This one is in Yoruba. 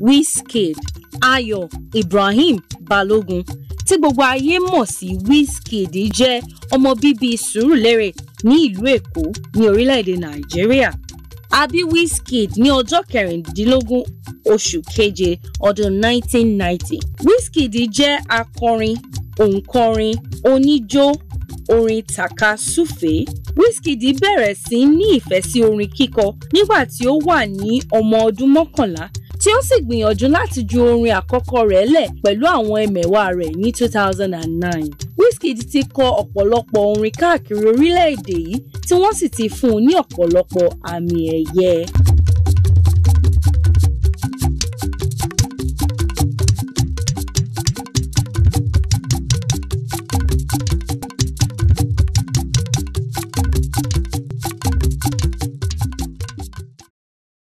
Wizkid ayo Ibrahim Balogun tí gbogbo ayé mọ̀ sí Wizkid jẹ́ ọmọ bíbí Sùúrùlérè ní ìlú Èkó ní orílẹ̀-èdè Nàìjíríà a bí Wizkid ní ọjọ́ kẹrìndínlógún oṣù keje ọdún 1990 Wizkid jẹ́ akọrin òǹkọrin oníjó orin tàka súfèé Wizkid bẹ̀rẹ̀ sí ní ìfẹ́ sí orin kíkọ nígbà tí ó wà ní ọmọ ọdún mọ́kànlá tí ó sì gbìyànjú láti ju orin àkọ́kọ́ rẹ̀ lẹ̀ pẹ̀lú àwọn ẹmẹ̀wà rẹ̀ ní 2009. Wizkid ti kọ ọ̀pọ̀lọpọ̀ orin káàkiri orílẹ̀-èdè yìí tí wọ́n sì ti fún un ní ọ̀pọ̀lọpọ̀ àmì ẹ̀yẹ.